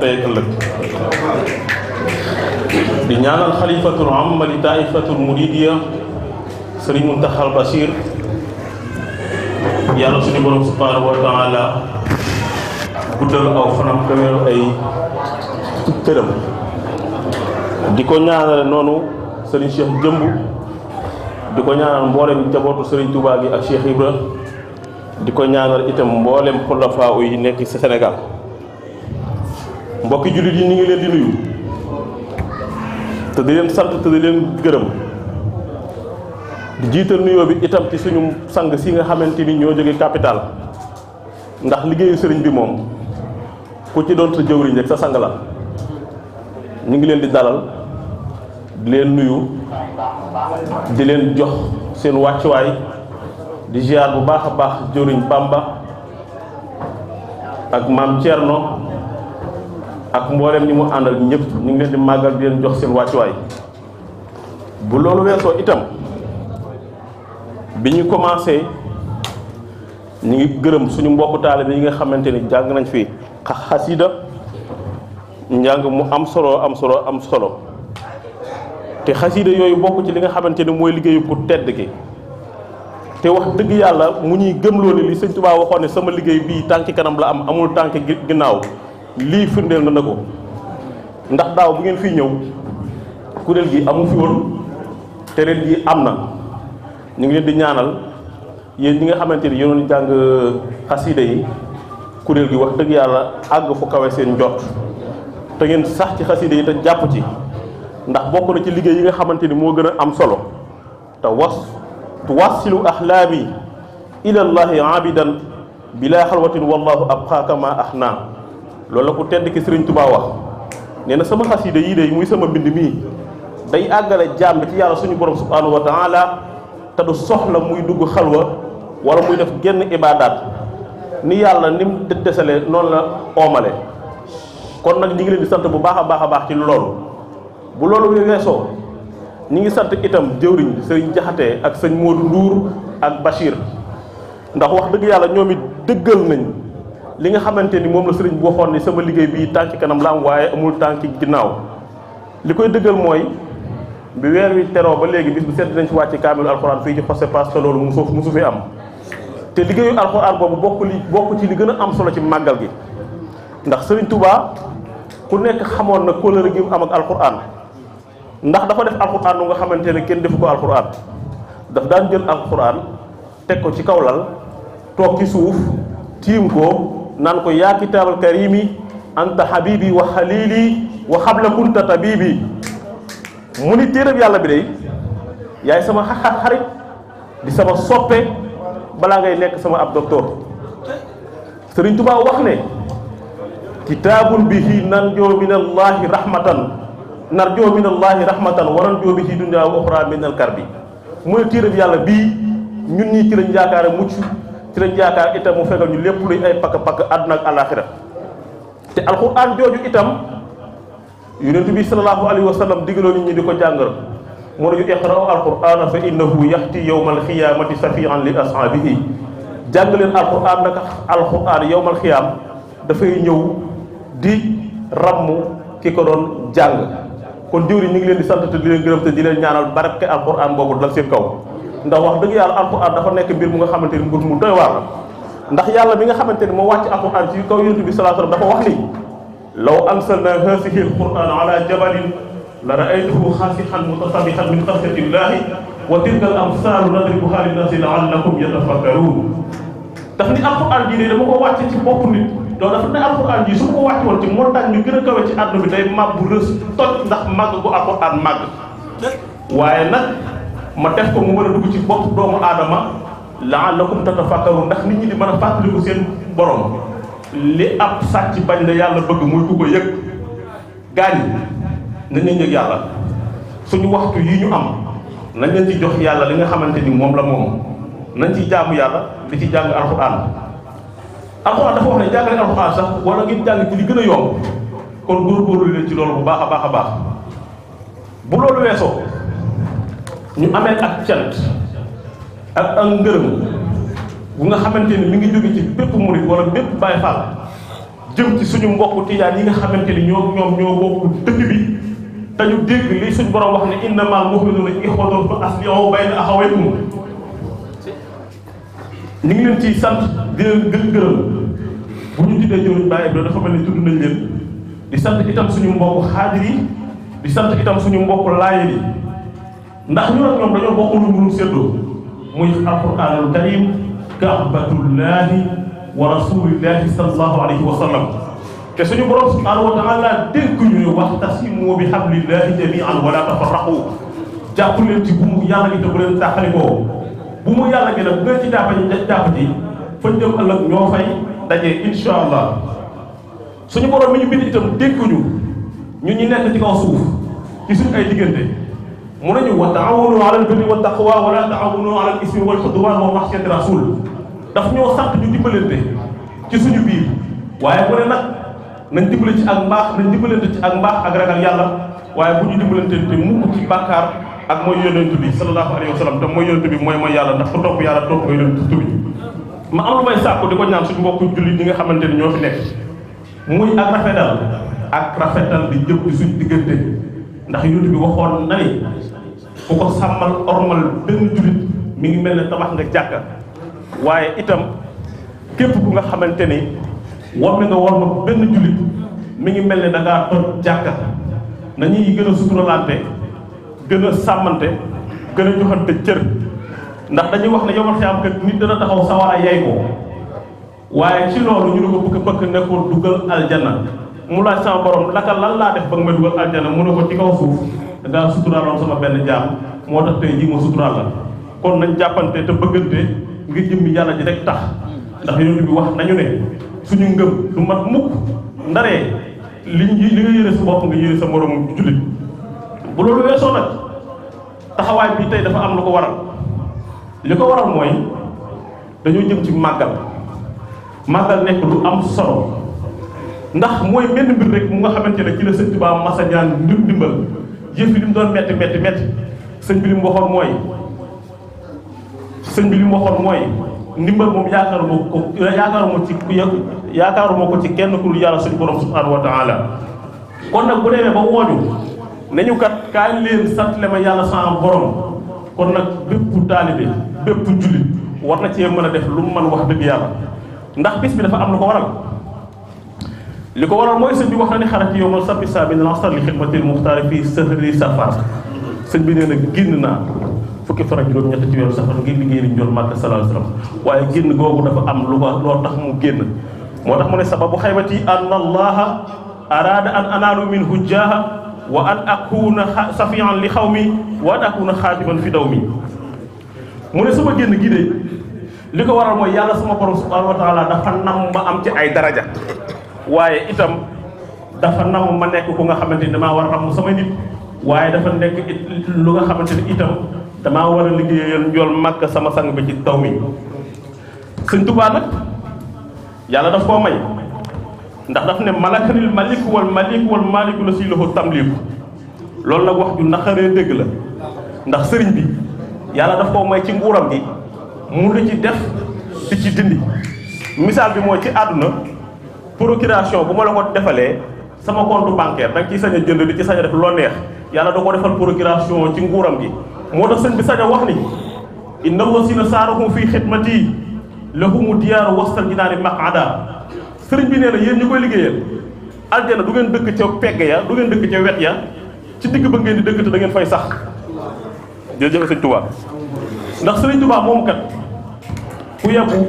tey ëllëg di ñaanal xalifatul amma di taifatul muridiya sëriñ Muntaxal yàlla suñu borom subhanahu wa guddal aw fanam kameeru ay këram di ko ñaanale noonu sëriñ Cheikh Jëmb di ko ñaanal mboolem jabootu sëriñ Touba bi ak Cheikh Ibra di ko ñaanal itam mboolem xulafaa yi nekk ci Sénégal mbokki jullit yi ñu ngi leen di nuyu te di leen sant te di leen gërëm di jiital nuyoo bi itam ci suñu sang si nga xamante ni ñoo jóge capital ndax liggéeyu sëriñ bi moom ku ci doon sa jëwriñ rek sa sang la ñu ngi leen di dalal di leen nuyu di leen jox seen wàccuwaay di ziar bu baax a baax jëwriñ Bamba ak maam Thierno. ak mboolem ñi mu àndal ñëpp ñu ngi leen di màggal di leen jox seen wàccuwaay bu loolu weesoo itam bi ñu commencé ñu ngi gërëm suñu mbokku taalibe yi nga xamante ni jàng nañ fi xasida njàng mu am solo am solo am solo te xasida yooyu bokk ci li nga xamante ni mooy liggéeyu ku tedd gi te wax dëgg yàlla mu ñuy gëmloo ne li sëñ Tuubaa waxoon ne sama liggéey bii tànki kanam la am amul tànki ginnaaw lii firndeel na na ko ndax daaw bu ngeen fiy ñëw kuréel gi amu fi woon te leen am na ñu ngi leen di ñaanal yéen ñi nga xamante ni yéen jàng euh, xasida yi kuréel gi wax dëgg yàlla àgg fu kawe seen njot te ngeen sax ci xasida yi te jàpp ci ndax bokk na ci liggéey yi nga xamante ni moo gën a am solo te was tuwasilu ahlaami ilallahi abidan bila xalwatin wallahu abqaaka ma naan loolu la ku tedd ki sëriñ Tuubaa wax nee na sama yi de yii de muy sama mbind mii day àggale jaam bi ci yàlla suñu borom subhanahu wa taala te du soxla muy dugg xalwa wala muy def genn ibaadaat ni yàlla ni mu desale noonu la oomale kon nag ñi ngi leen di sant bu baax a baax a baax ci loolu bu loolu weesoo ñi ngi sant itam jëwriñ sëriñ jaxate ak sëñ Modou Ndour ak Bachir ndax wax dëgg yàlla ñoom it dëggal nañ li nga xamante ni moom la sëriñ bi waxoon ni sama liggéey bii tànk kanam la am waaye amul tànk ginnaaw li koy dëggal mooy bi weer wi teroo ba léegi bis bu sedd nañ ci wàcc kaamilu alxuraan fii ci José Pass te loolu musu musu fi am te liggéeyu alxuraan boobu bokk li bokk ci li gën a am solo ci màggal gi ndax sëriñ Touba ku nekk xamoon na kóllëre gi mu am ak alxuraan ndax dafa def alxuraan lu nga xamante ne kenn defu ko alxuraan daf daan jël alxuraan teg ko ci kaw lal toog ci suuf naan ko yaa kitaabal karimi anta habibi wa xalili wa xabla kunta tabibi mu ni téerab yàlla bi day yaay sama xaxat xarit di sama soppe balaa ngay nekk sama ab docteur Sëriñ Tuubaa wax ne kitaabun bihi narjoo min allahi rahmatan narjoo min allahi rahmatan waran joo bihi dunya wa uxra min alkarbi mu ne téerab yàlla bii ñun ñii ci lañ mucc ci lañ yaakaar itam mu fegal ñu lépp luy ay pakk pakk àdduna ak àllaaxira te alxuraan jooju itam yonent bi sallallahu alayhi wa sallam digaloo nit ñi di ko jàngal moo nañu iqra'u alqur'ana fa innahu yaxti yowma alxiyamati safian li ashaabihi jàng leen alqur'an nag alqur'an yowma alxiyam dafay ñëw di ramm ki ko doon jàng kon jëwri ñu ngi leen di sant te di leen gërëm te di leen ñaanal barke alqur'an boobu dal seen kaw ndax wax dëgg yàlla alxuraan dafa nekk mbir mu nga xamante ni mbir mu doy waar la ndax yàlla bi nga xamante ni moo wàcc alxuraan ci kaw yonent bi sallallahu alayhi wasallam dafa wax ni law anzalna haadihi alquran ala la raaytuhu xaasixan mutasabihan min xashyati illahi wa tilka al amsaalu nadribuha na laallakum yatafakkaruun daf ni alxuraan ji de dama ko wàcce ci bopp nit loolu dafa ne alxuraan ji su ma ko wàcce woon ci montagne ñu gën a kawe ci bi day màbb ndax màgg gu alxuraan màgg ma def ko mu mën a dugg ci bopp doomu aadama la la'allakum tatafakkarun ndax nit ñi di mën a fàttaliku seen borom li ab sàcc bañ la yàlla bëgg muy ku ko yëg gaañ nañ leen yëg yàlla suñu waxtu yii ñu am nañ leen ci jox yàlla li nga xamante ni moom la moom nañ ci jaamu yàlla di ci jàng alxuraan alxuraan dafa wax ne jàngale alxuraan sax wala ngeen jàng ci li gën a yomb kon góorgóorlu leen ci loolu bu baax a baax a baax bu loolu weesoo ñu amee ak cant ak ak ngërëm bu nga xamante ni mi ngi jóge ci bépp murit wala bépp Baay Faal jëm ci suñu mbokku tijaan yi nga xamante ni ñoo ñoom ñoo bokk dëkk bi te ñu dégg li suñu borom wax ne innamal mu'minuuna ixwatun fa aslihu bayna axawaykum ñu ngi leen ci sant di leen gën gërëm bu ñu tuddee jëwriñ Baay Ibra dafa mel ni tudd nañ leen di sant itam suñu mbokku xaadir yi di sant itam suñu mbokku laay yi ndax ñun ak ñoom dañoo bokk lu ñu séddoo muy alquran al karim kaabatullahi wa rasulillahi sallallahu alayhi wa sallam te suñu borom subhanahu wa taala dégg ñu ne waxtasimu bi hablillahi jamian wala tafarraqu jàpp leen ci bu mu yàlla gi te bu leen bu mu yàlla gi nag bu ci jàpp ji jàpp ji fañ jëm ëllëg ñoo fay daje insha allah suñu borom mi ñu bind itam dégg ñu ñun ñu nekk ci kaw ci suñ ay diggante. mu nañu wa taawanu ala albirri wa a wala taawanu ala al ismi wal udwan wa maxsiyati rasul daf ñoo sant ñu dimbalante ci suñu biir waaye bu ne nag nañ dimbale ci ak mbaax nañ dimbalante ci ak mbaax ak ragal yàlla waaye bu ñu dimbalante te mukk ci bàkkaar ak mooy yonent bi sallallahu alayhi wa sallam te mooy yonent bi mooy mooy yàlla ndax ku topp yàlla topp mooy yonent bi ma am lu may sàkku di ko ñaan suñu mbokku jullit ñi nga xamante ni ñoo fi nekk muy ak rafetal ak rafetal di jëpp suñu diggante ku ko sàmmal ormal benn jullit mi ngi mel ne tabax nga jàkka waaye itam képp ku nga xamante ni war nga war ma benn jullit mi ngi mel ne da ngaa toj jàkka nañuy gën a suturalante gën a sàmmante gën a joxante cër ndax dañuy wax na yomal xiyaam kat nit dana taxaw sawara yay ko waaye ci loolu ñu ne ko bëgg bëgg ne ko dugal aljana mu laaj sama borom laka lan laa def ba ma dugal aljana mu ne ko ci suuf daa suturaaloon sama benn jaam moo tax tey jii ma suturaal la kon nañ jàppante te bëggante ngir jëmmi yàlla ji rek tax ndax yonent bi wax nañu ne suñu ngëm du mat mukk ndaree li li nga yéene sa moroom jullit bu loolu weesoo nag taxawaay bi tey dafa am lu ko waral li ko waral mooy dañoo jëm ci màggal màggal nekk lu am solo ndax mooy benn mbir rek mu nga xamante ne ci la sëñ Tuubaa masa ñaan ndir ndimbal yëf yi li doon métti métti métti sëñ bi li mu waxoon mooy sëñ waxoon mooy ndimbal moom yaakaaruma ko yaakaaruma ci yaakaaruma ko ci kenn ku dul yàlla suñu borom subhanahu wa taala kon nag bu demee ba wooñu nañu kat kaay leen sant le ma yàlla sama borom kon nag bépp taalibe bépp jullit war na cee mën a def lu mu mën wax dëgg yàlla ndax bis bi dafa am na ko waral. li ko waral mooy sëñ bi wax na ni xarat yowmal sappi saa bi lansar li xidmatil muxtaar fii sëhri safar sëñ bi nee na génn naa fukki fan ak juróom-ñett ci weeru safar ngir liggéey liñ jor màkk sallallahu alayhi waaye génn googu dafa am lu ko loo tax mu génn moo tax mu ne sababu xaybati an allaha araada an anaalu min hujjaaha wa an akuna safian li xaw mi wa an akuna xaatiman fi daw mi mu ne sama génn gi li ko war mooy yàlla sama borom subhanahu wa taala dafa am ci ay daraja waaye itam dafa naw ma nekk ku nga xamante ni damaa war a ràmm sama nit waaye dafa nekk it lu nga xamante ni itam damaa war a liggéeyal njool màkk sama sang bi ci taw mi sëñ Tuubaa nag yàlla daf koo may ndax daf ne malakanil malik wal malik wal maliku la siy loxo tamliku loolu nag wax ju naqaree dëgg la ndax sëriñ bi yàlla daf koo may ci nguuram gi mu di ci def di ci dindi misaal bi mooy ci àdduna procuration bu ma la ko defalee sama compte bancaire da nga ciy sañ jënd di ci sañ a def loo neex yàlla da ko defal procuration ci nguuram gi moo tax sëñ bi sañ a wax ni inna wasina saarahum fii xidmati lahumu diyaaru wastal jinaani maqada sëriñ bi nee na yéen ñu koy liggéeyal aljana du ngeen dëkk ca pegg ya du ngeen dëkk ca wet ya ci digg ba ngeen di dëkk te da ngeen fay sax jërëjëf sëñ Touba ndax sëriñ Touba moom kat ku yebbu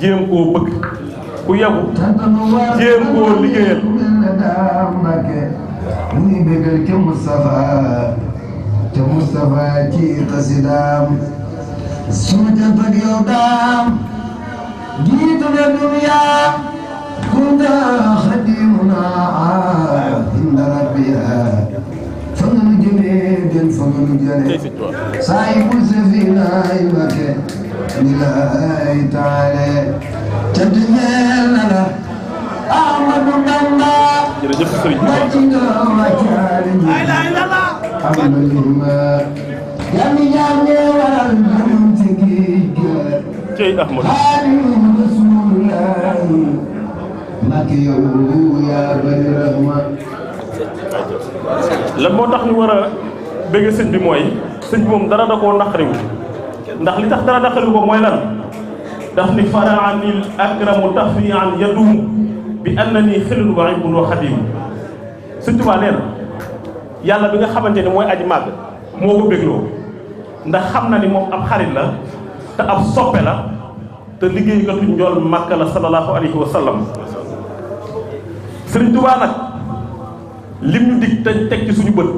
jéem ku yabu jéem koo liggéeyal mu ngi bégal ca Moustapha te Moustapha ci xasidaam suma jant ak yow daam jiitu ne dunya kunta xadimuna inda rabbiha fa nga nu jëlee gën fa nga nu jëlee saa yi bu sefina ay Mbakke ni la taale jërëjëf Serigne Touba cey Ahmadou lan moo tax ñu war a bëgg sëñ bi mooy sëñ bi moom dara da koo naqariwu ndax li tax dara naqariwu ko mooy lan daf ni faraani l akramu tafiyan yadumu bi annani xilun wa ibun wa xadimu Sëñ Tuubaa nee na yàlla bi nga xamante ne mooy aji màgg moo xam na ni moom ab xarit la te ab soppe la te liggéey liggéeykatu njool màkk la sallallahu alayhi wa sallam Sëriñ Tuubaa nag lim ñu dig te teg ci suñu bët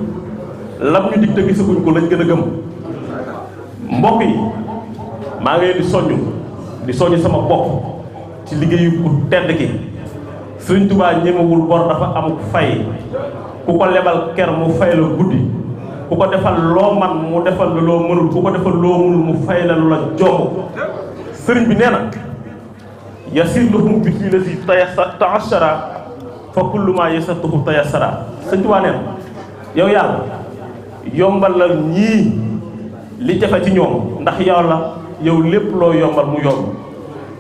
lam ñu dig te gisaguñ ko lañ gën a gëm mbokk yi maa ngi leen di di soññ sama bopp ci liggéeyu ku tedd ki Sëriñ Tuubaa ñemewul bor dafa am fay ku ko lebal ker mu fay la guddi ku ko defal loo man mu defal la loo mënul ku ko defal loo mënul mu fay la lu la jomb sëriñ bi nee na yasir lahum bi kii la si fa kullu maa yasartuhu tayassara Sëriñ Tuubaa nee na yow yàlla yombalal ñii li jafe ci ñoom ndax yow yow lépp loo yombal mu yomb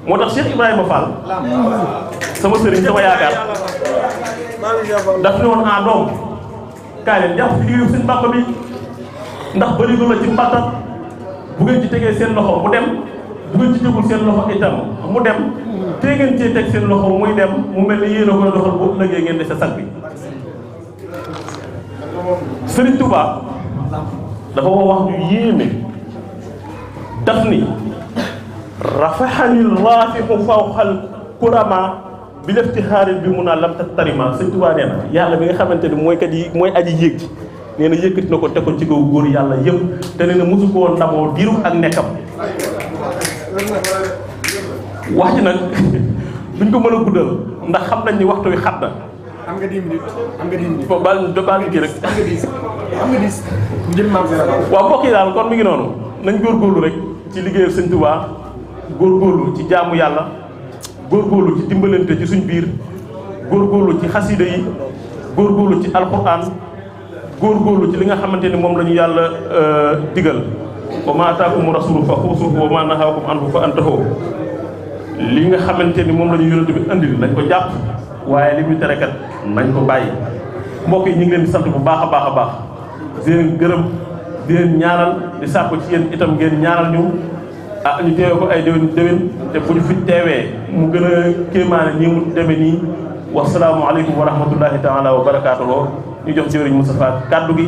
moo tax Cheikh Ibrahima Fall sama sëriñ sama yaakaar daf ne woon a ah, doom kaay leen jàpp fi liggéeyu seen mbàq bi ndax bëri la ci mbàttat bu ci tegee seen loxo mu dem bu ngeen ci tegul seen loxo itam mu dem te ngeen cee teg seen loxo muy dem mu mel ni yéen a koy doxal bu ëllëgee ngeen sa sag bi Sëriñ Touba dafa wax wax ñu yéeme daf ni rafaxani raafixu fawxal kurama bi ci xaarit bi mun naa lam ta tarima na yàlla bi nga xamante ni mooy kat mooy aji yéeg ji nee na na ko teg ko ci kaw góor yàlla yëpp te nee na mosu koo ndamoo diiru ak nekkam wax ji nag duñ ko mën a guddal ndax xam nañ ni waxtu wi xat na am nga 10 minutes am nga 10 minutes. ba baal kii rek. am nga 10 kon mi ngi noonu nañ góorgóorlu rek. ci liggéeyal sëñ góor góorlu ci jaamu yàlla góor góorgóorlu ci dimbalante ci suñ biir góor góorlu ci xasida góor góorgóorlu ci góor góorlu ci li nga xamante ni moom lañu yàlla euh, digal wa maa ataakum rasulu fa xuusuhu wa maa nahaakum anhu fa antahoo li nga xamante ni moom la ñu yonent bi andil nañ ko jàpp waaye li muy terekat nañ ko bàyyi mbokk yi ñu ngi leen di sant bu baax a baax a baax di leen ñaanal di sàkku ci yéen itam ngeen ñaanal ñu ah ñu teewee ko ay déwén déwén te bu ñu fi teewee mu gën a kéemaane nii mu demee nii wasalaamualeykum wa rahmatullahi taala wa barakaatuhu ñu jox jëwriñ Moustapha kàddu gi